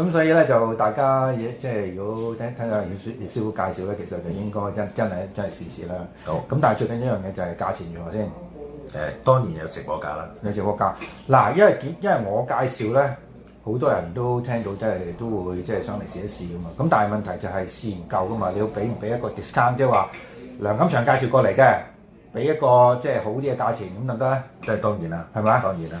咁所以咧就大家嘢即係如果聽聽下葉師葉師傅介紹咧，其實就應該真真係真係試試啦。好。咁但係最緊一樣嘢就係價錢如何先？誒、欸、當然有直播價啦，有直播價。嗱，因為因為我介紹咧，好多人都聽到即係都會即係上嚟試一試噶嘛。咁但係問題就係試唔夠噶嘛，你要俾唔俾一個 discount，即係話梁錦祥介紹過嚟嘅，俾一個即係好啲嘅價錢咁得唔得咧？即係當然啦，係咪吧？當然啦。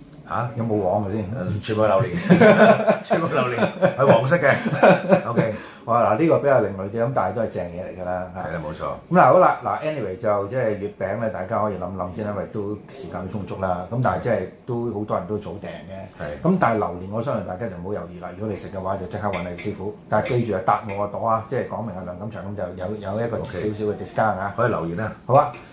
嚇，有冇黃嘅先？全部係榴蓮，全部榴蓮係黃色嘅。OK，好啦，嗱呢個比較另類啲，咁但係都係正嘢嚟㗎啦。係啦，冇錯。咁嗱好啦，嗱 anyway 就即係月餅咧，大家可以諗諗先，因為都時間都充足啦。咁但係即係都好多人都早訂嘅。係。咁但係榴蓮，我相信大家就唔好猶豫啦。如果你食嘅話，就即刻揾你師傅。但係記住啊，搭我個朵啊，即係講明阿梁錦祥咁就有有一個少少嘅 discount 啊，可以留言啊，好啊。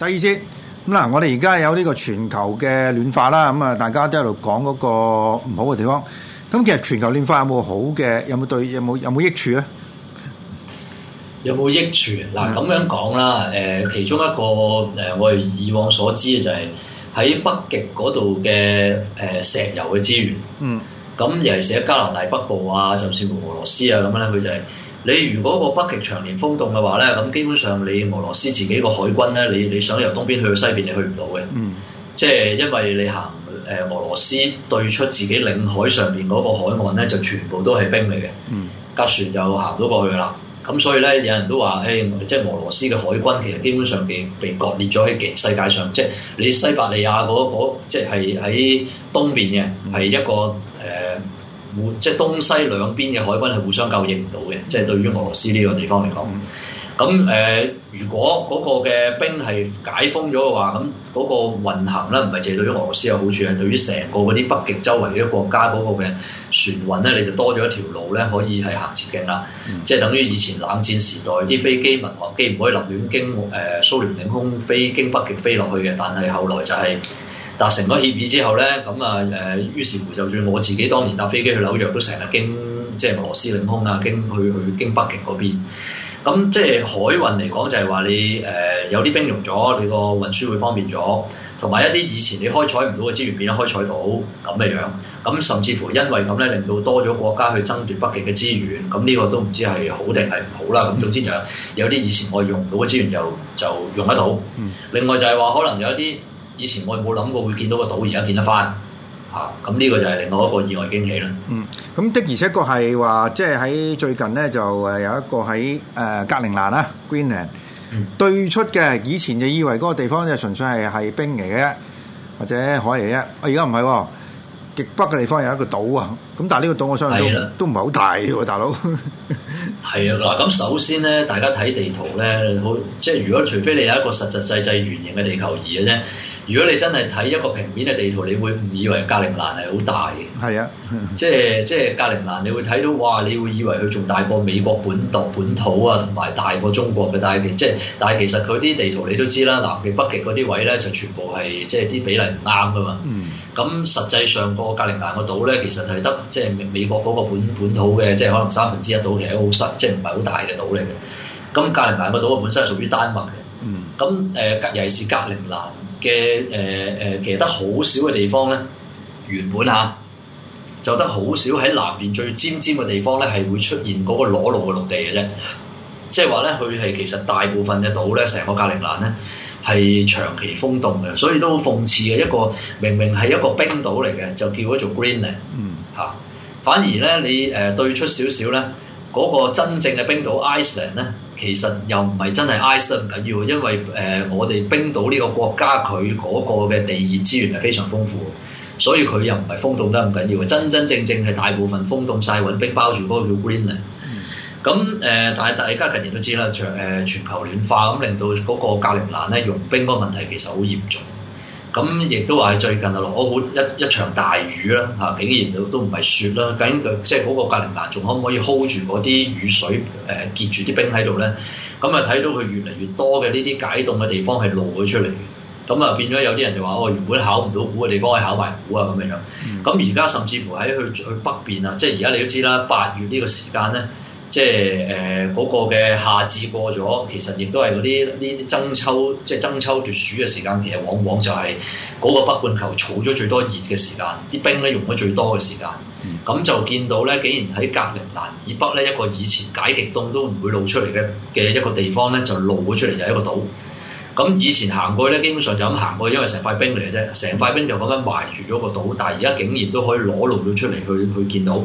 第二節咁嗱，我哋而家有呢個全球嘅暖化啦，咁啊，大家都喺度講嗰個唔好嘅地方。咁其實全球暖化有冇好嘅？有冇對？有冇有冇益處咧？有冇益處？嗱、嗯，咁樣講啦，誒，其中一個誒，我哋以往所知嘅就係喺北極嗰度嘅誒石油嘅資源。嗯。咁尤其係加拿大北部啊，甚至乎俄羅斯啊咁樣咧，佢就係、是。你如果個北極長年封凍嘅話咧，咁基本上你俄羅斯自己個海軍咧，你你想由東邊去到西邊，你去唔到嘅。嗯。即係因為你行誒、呃、俄羅斯對出自己領海上面嗰個海岸咧，就全部都係冰嚟嘅。嗯。架船就行唔到過去啦。咁所以咧，有人都話，誒、欸，即係俄羅斯嘅海軍其實基本上被被割裂咗喺世界上，即係你西伯利亞嗰嗰即係喺東邊嘅係、嗯、一個誒。呃即係東西兩邊嘅海軍係互相救應唔到嘅，即係對於俄羅斯呢個地方嚟講，咁誒、呃，如果嗰個嘅冰係解封咗嘅話，咁嗰個運行咧，唔係淨係對於俄羅斯有好處，係對於成個嗰啲北極周圍嘅國家嗰個嘅船運咧，你就多咗一條路咧，可以係行捷徑啦。嗯、即係等於以前冷戰時代啲飛機民航機唔可以立亂經誒蘇聯領空飛，經北極飛落去嘅，但係後來就係、是。達成咗協議之後呢，咁啊誒，於是乎，就算我自己當年搭飛機去紐約都經經，都成日經即係俄羅斯領空啊，經去去經北極嗰邊。咁、嗯、即係海運嚟講，就係話你誒有啲冰融咗，你個運輸會方便咗，同埋一啲以前你開採唔到嘅資源變咗開採到咁嘅樣。咁、嗯、甚至乎因為咁呢，令到多咗國家去爭奪北極嘅資源。咁呢個都唔知係好定係唔好啦。咁總之就有啲以前我用唔到嘅資源，就就用得到。另外就係話，可能有一啲。以前我冇諗過會見到個島，而家見得翻嚇，咁、啊、呢個就係另外一個意外驚喜啦。嗯，咁的而且確係話，即係喺最近咧，就誒有一個喺誒、呃、格陵蘭啦、啊、Greenland、嗯、對出嘅。以前就以為嗰個地方就純粹係係冰嚟嘅啫，或者海嚟嘅啫。而家唔係極北嘅地方有一個島啊。咁但係呢個島我相信的都唔係好大、啊、大佬。係啊，嗱，咁首先咧，大家睇地圖咧，好即係如果除非你有一個實實際際圓形嘅地球儀嘅啫。如果你真係睇一個平面嘅地圖，你會誤以為格陵蘭係好大嘅。係啊的，即係即係格陵蘭，你會睇到哇，你會以為佢仲大過美國本島本土啊，同埋大過中國嘅。但係其即係但係其實佢啲地圖你都知啦，南極北極嗰啲位咧就全部係即係啲比例唔啱㗎嘛。咁、嗯、實際上個格陵蘭個島咧，其實係得即係美美國嗰個本本土嘅，即係可能三分之一島，其實好細，即係唔係好大嘅島嚟嘅。咁格陵蘭個島本身係屬於丹麥嘅。嗯。咁誒，尤其是格陵蘭。嘅誒誒，其實得好少嘅地方咧，原本嚇就得好少喺南邊最尖尖嘅地方咧，係會出現嗰個裸露嘅陸地嘅啫。即係話咧，佢係其實大部分嘅島咧，成個格陵蘭咧係長期封凍嘅，所以都好諷刺嘅一個。明明係一個冰島嚟嘅，就叫咗做 Greenland、嗯。嗯嚇、啊，反而咧你誒、呃、對出少少咧。嗰個真正嘅冰島 Iceland 咧，其實又唔係真係 Iceland 唔緊要，因為誒、呃、我哋冰島呢個國家佢嗰個嘅地熱資源係非常豐富，所以佢又唔係封凍得咁緊要，真真正正係大部分封凍晒，揾冰包住嗰個叫 Greenland、嗯。咁誒、呃，但係大家近年都知啦，誒全球暖化咁令到嗰個格陵蘭咧融冰嗰個問題其實好嚴重。咁亦都話喺最近啊落咗好一一場大雨啦嚇，竟然都唔係雪啦，緊佢即係嗰個格陵蘭仲可唔可以 hold 住嗰啲雨水誒結住啲冰喺度咧？咁啊睇到佢越嚟越多嘅呢啲解凍嘅地方係露咗出嚟嘅，咁啊變咗有啲人就話哦原本考唔到古嘅地方可以考埋古啊咁樣樣。咁而家甚至乎喺去佢北邊啊，即係而家你都知啦，八月呢個時間咧。即係誒嗰個嘅夏至過咗，其實亦都係嗰啲呢啲爭秋即係爭秋奪暑嘅時間，其實往往就係嗰個北半球儲咗最多熱嘅時間，啲冰咧融咗最多嘅時間。咁就見到咧，竟然喺格陵蘭以北咧一個以前解極凍都唔會露出嚟嘅嘅一個地方咧，就露咗出嚟，就係一個島。咁以前行過去咧，基本上就咁行過去，因為成塊冰嚟嘅啫，成塊冰就咁樣埋住咗個島。但係而家竟然都可以裸露到出嚟去去見到。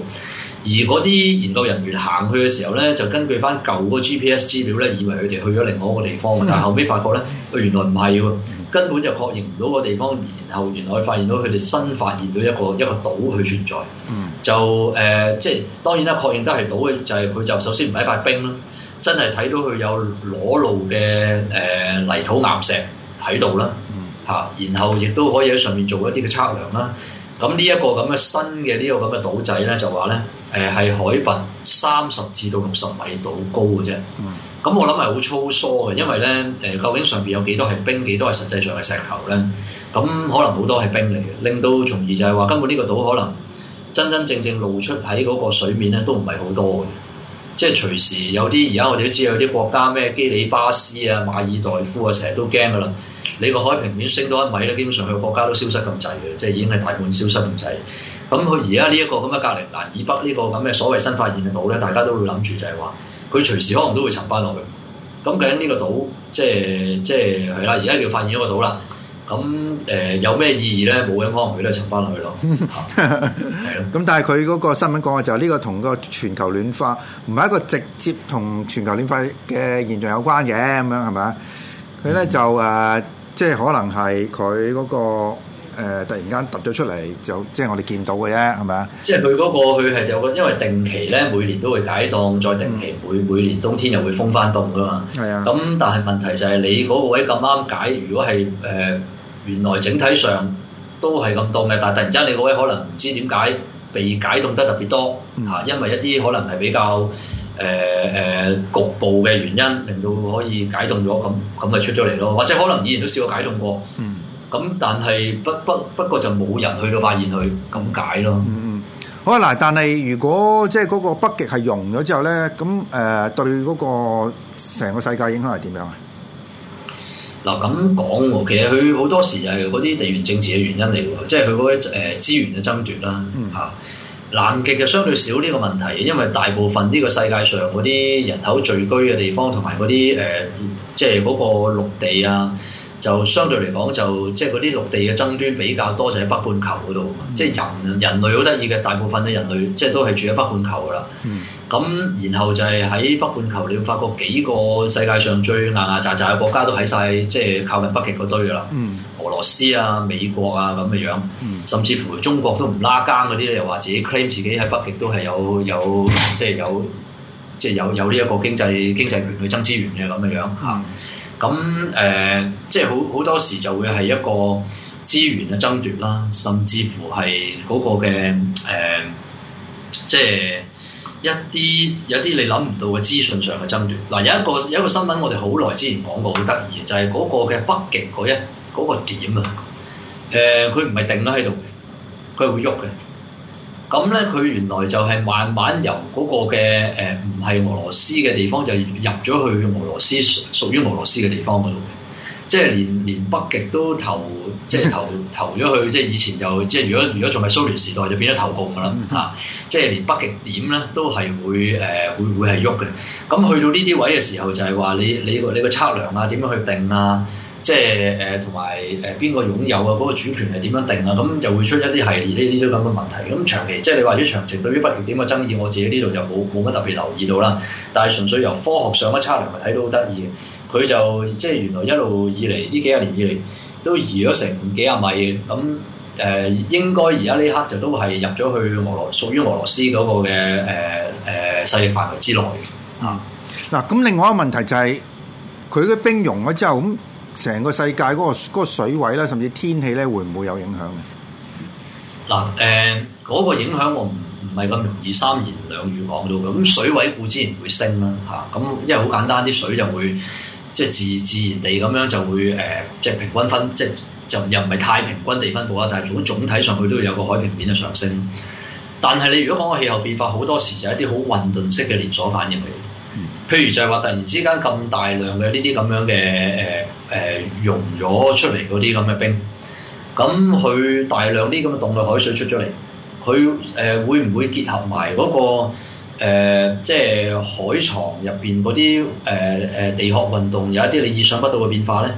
而嗰啲研究人員行去嘅時候咧，就根據翻舊個 GPS 資料咧，以為佢哋去咗另外一個地方，但後尾發覺咧，佢原來唔係喎，根本就確認唔到個地方。然後原來發現到佢哋新發現到一個一個島去存在，就誒、呃，即係當然啦，確認得係島嘅，就係、是、佢就首先唔係塊冰啦，真係睇到佢有裸露嘅誒、呃、泥土岩石喺度啦，嚇、啊，然後亦都可以喺上面做一啲嘅測量啦。咁呢一個咁嘅新嘅呢個咁嘅島仔咧，就話咧。誒係海拔三十至到六十米度高嘅啫，咁、嗯、我諗係好粗疏嘅，因為咧誒、呃、究竟上邊有幾多係冰，幾多係實際上嘅石頭咧？咁可能好多係冰嚟嘅，令到從而就係話，根本呢個島可能真真正正露出喺嗰個水面咧，都唔係好多嘅。即係隨時有啲而家我哋都知道有啲國家咩基里巴斯啊、馬爾代夫啊，成日都驚㗎啦。你個海平面升多一米咧，基本上佢國家都消失咁滯嘅，即係已經係大半消失咁滯。咁佢而家呢一個咁嘅隔籬，嗱以北呢個咁嘅所謂新發現嘅島咧，大家都會諗住就係話，佢隨時可能都會沉翻落去。咁究竟呢個島，即係即係係啦，而家叫發現一個島啦。咁、嗯、誒、呃、有咩意義咧？冇嘅，可能佢都沉翻落去咯。係咯。咁但係佢嗰個新聞講嘅就係呢個同個全球暖化唔係一個直接同全球暖化嘅現象有關嘅，咁樣係咪啊？佢咧就誒、呃，即係可能係佢嗰個。誒、呃、突然間凸咗出嚟就即係我哋見到嘅啫，係咪啊？即係佢嗰個佢係就我因為定期咧每年都會解凍，嗯、再定期每每年冬天又會封翻凍噶嘛。係啊、嗯。咁但係問題就係你嗰個位咁啱解，如果係誒、呃、原來整體上都係咁凍嘅，但係突然之間你個位可能唔知點解被解凍得特別多嚇、嗯啊，因為一啲可能係比較誒誒、呃呃、局部嘅原因，令到可以解凍咗咁咁咪出咗嚟咯，或者可能以前都試過解凍過。嗯。咁但係不不不過就冇人去到發現佢咁解咯。嗯嗯，好啊嗱，但係如果即係嗰個北極係融咗之後咧，咁誒、呃、對嗰個成個世界影響係點樣啊？嗱咁講，其實佢好多時係嗰啲地緣政治嘅原因嚟嘅，即係佢嗰啲誒資源嘅爭奪啦。吓、嗯，南極嘅相對少呢個問題，因為大部分呢個世界上嗰啲人口聚居嘅地方同埋嗰啲誒，即係嗰個陸地啊。就相對嚟講，就即係嗰啲陸地嘅爭端比較多，就喺北半球嗰度。即係人人類好得意嘅，大部分嘅人類即係都係住喺北半球噶啦。咁然後就係喺北半球，你會發覺幾個世界上最硬硬紮扎嘅國家都喺晒，即係靠近北極嗰堆噶啦。俄羅斯啊、美國啊咁嘅樣，甚至乎中國都唔拉更嗰啲，又話自己 claim 自己喺北極都係有有即係有即係有有呢一個經濟經濟權去爭資源嘅咁嘅樣嚇。咁誒、呃，即係好好多時就會係一個資源嘅爭奪啦，甚至乎係嗰個嘅誒、呃，即係一啲有啲你諗唔到嘅資訊上嘅爭奪。嗱、呃，有一個有一個新聞，我哋好耐之前講過，好得意嘅就係、是、嗰個嘅北極嗰一嗰個點啊，誒、呃，佢唔係定咗喺度嘅，佢會喐嘅。咁咧，佢原來就係慢慢由嗰個嘅誒，唔係俄羅斯嘅地方，就入咗去俄羅斯屬屬於俄羅斯嘅地方嗰度嘅，即係連連北極都投，即係投投咗去，即係以前就即係如果如果仲係蘇聯時代，就變咗投共㗎喇，啊！即係連北極點咧都係會誒、呃、會會係喐嘅，咁去到呢啲位嘅時候就，就係話你你你個測量啊，點樣去定啊？即係誒，同埋誒邊個擁有啊？嗰、那個主權係點樣定啊？咁就會出一啲系列呢啲咁嘅問題。咁長期即係你話咗，長期對於北極點嘅爭議，我自己呢度就冇冇乜特別留意到啦。但係純粹由科學上一測量，咪睇到好得意嘅。佢就即係原來一路以嚟呢幾廿年以嚟都移咗成幾廿米嘅咁誒，應該而家呢刻就都係入咗去俄羅屬於俄羅斯嗰個嘅誒誒勢力範圍之內啊嗱，咁、嗯嗯、另外一個問題就係佢嘅冰融咗之後咁。嗯成個世界嗰個水位咧，甚至天氣咧，會唔會有影響嘅？嗱誒，嗰個影響我唔唔係咁容易三言兩語講到嘅。咁水位固然會升啦，嚇咁因為好簡單，啲水就會即係自自然地咁樣就會誒，即係平均分，即係就又唔係太平均地分布啦。但係總總體上去都要有個海平面嘅上升。但係你如果講個氣候變化，好多時就係一啲好混沌式嘅連鎖反應嚟。譬、嗯、如就係話突然之間咁大量嘅呢啲咁樣嘅誒誒融咗出嚟嗰啲咁嘅冰，咁佢大量啲咁嘅凍嘅海水出咗嚟，佢誒、呃、會唔會結合埋、那、嗰個即係、呃就是、海床入邊嗰啲誒誒地殼運動，有一啲你意想不到嘅變化咧？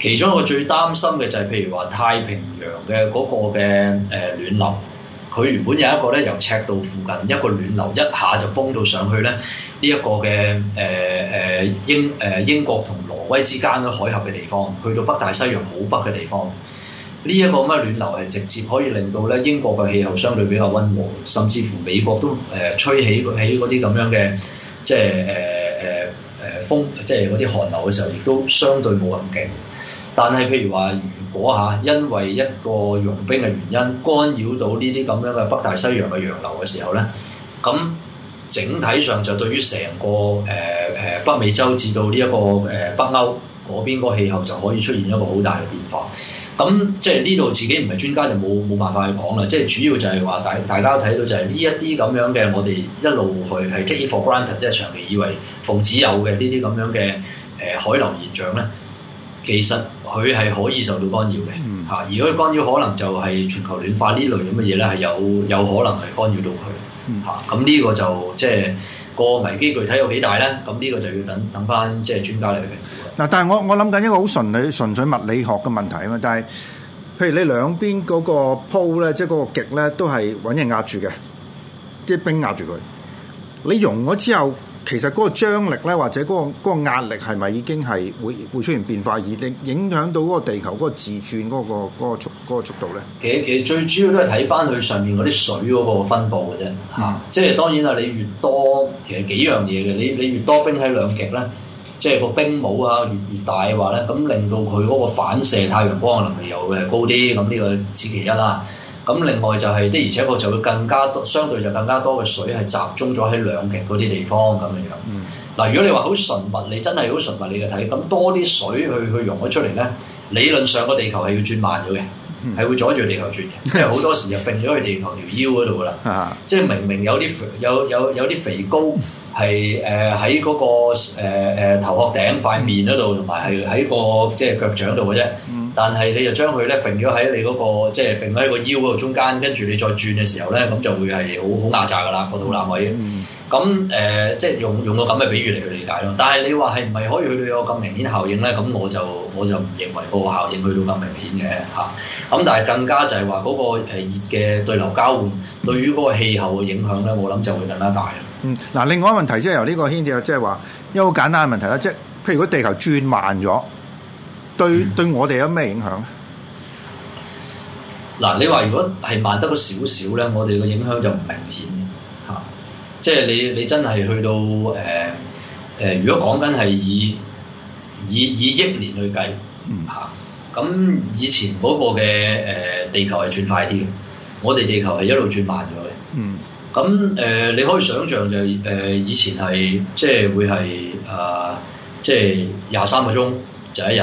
其中一個最擔心嘅就係譬如話太平洋嘅嗰個嘅誒、呃、暖流。佢原本有一個咧，由赤道附近一個暖流一下就崩到上去咧，呢、這、一個嘅誒誒英誒、呃、英國同挪威之間嘅海峽嘅地方，去到北大西洋好北嘅地方，呢、這、一個咁嘅暖流係直接可以令到咧英國嘅氣候相對比較溫和，甚至乎美國都誒、呃、吹起起嗰啲咁樣嘅即係誒誒誒風，即係嗰啲寒流嘅時候，亦都相對冇咁勁。但係，譬如話，如果嚇、啊、因為一個融冰嘅原因，干擾到呢啲咁樣嘅北大西洋嘅洋流嘅時候咧，咁整體上就對於成個誒誒、呃、北美洲至到呢、這、一個誒、呃、北歐嗰邊個氣候就可以出現一個好大嘅變化。咁即係呢度自己唔係專家就冇冇辦法去講啦。即係主要就係話大大家睇到就係呢一啲咁樣嘅，我哋一路去係 take it for granted，即係長期以為奉旨有嘅呢啲咁樣嘅誒、呃、海流現象咧。其實佢係可以受到干擾嘅，嚇、嗯！如果干擾可能就係全球暖化呢類咁嘅嘢咧，係有有可能係干擾到佢，嚇、嗯！咁呢、啊、個就即係個危機具體有幾大咧？咁呢個就要等等翻即係專家嚟嘅。嗱，但係我我諗緊一個好純理純粹物理學嘅問題啊嘛，但係譬如你兩邊嗰個鋪咧，即係嗰個極咧，都係揾人壓住嘅，即、就、係、是、冰壓住佢。你融咗之後。其實嗰個張力咧，或者嗰個嗰個壓力係咪已經係會會出現變化，而令影響到嗰個地球嗰個自轉嗰個速嗰個速度咧？其實其實最主要都係睇翻佢上面嗰啲水嗰個分布嘅啫，嚇、嗯啊！即係當然啦，你越多其實幾樣嘢嘅，你你越多冰喺兩極咧，即係個冰帽啊越越大嘅話咧，咁令到佢嗰個反射太陽光嘅能力又會係高啲，咁呢個此其一啦、啊。咁另外就係、是、的，而且確就會更加多，相對就更加多嘅水係集中咗喺兩極嗰啲地方咁樣樣。嗱、嗯，如果你話好純密，你真係好純密，你嚟睇，咁多啲水去去溶咗出嚟咧，理論上個地球係要轉慢咗嘅，係、嗯、會阻住地球轉嘅。因為好多時就揈咗去地球條腰嗰度啦。 即係明明有啲有有有啲肥膏係誒喺嗰個誒誒、呃、頭殼頂塊面嗰度，同埋係喺個即係腳掌度嘅啫。但係你就將佢咧揈咗喺你嗰、那個，即係揈喺個腰嗰度中間，跟住你再轉嘅時候咧，咁就會係好好壓榨噶啦，嗰度好難為。咁誒、呃，即係用用個咁嘅比喻嚟去理解咯。但係你話係唔係可以去到有咁明顯效應咧？咁我就我就唔認為個效應去到咁明顯嘅嚇。咁、啊、但係更加就係話嗰個誒熱嘅對流交換對於嗰個氣候嘅影響咧，我諗就會更加大。嗯，嗱，另外一個問題即係由呢個牽扯，即係話一個簡單嘅問題啦，即、就、係、是、譬如如果地球轉慢咗。對對我哋有咩影響？嗱、嗯，你話如果係慢得少少咧，我哋嘅影響就唔明顯吓、啊。即係你你真係去到誒誒、呃呃，如果講緊係以以以億年去計，唔、啊、行。咁以前嗰個嘅誒、呃、地球係轉快啲嘅，我哋地球係一路轉慢咗嘅。嗯。咁誒、啊，你可以想象就係、是、誒、呃、以前係即係會係啊，即係廿三個鐘就一日。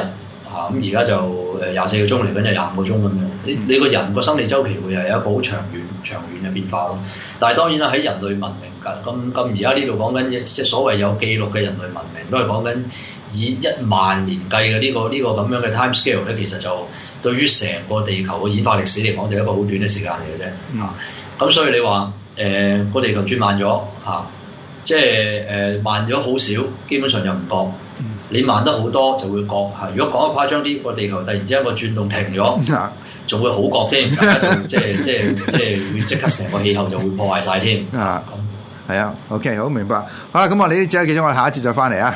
咁而家就誒廿四個鐘嚟緊，就廿五個鐘咁樣。你你個人個生理周期會有一個好長遠、長遠嘅變化咯。但係當然啦，喺人類文明咁咁咁，而家呢度講緊即係所謂有記錄嘅人類文明，都係講緊以一萬年計嘅呢、呢個呢、呢個咁樣嘅 time scale 咧。其實就對於成個地球嘅演化歷史嚟講，就係一個好短嘅時間嚟嘅啫。嚇、嗯！咁、啊、所以你話誒個地球轉慢咗嚇，即係誒慢咗好少，基本上就唔覺。嗯、你慢得好多就會覺嚇，如果講得誇張啲，個地球突然之間個轉動停咗，仲會好覺添， 即係即係即係會即刻成個氣候就會破壞晒添。啊，係啊，OK，好明白。好啦，咁我哋你都知得幾多，我哋下一節再翻嚟啊。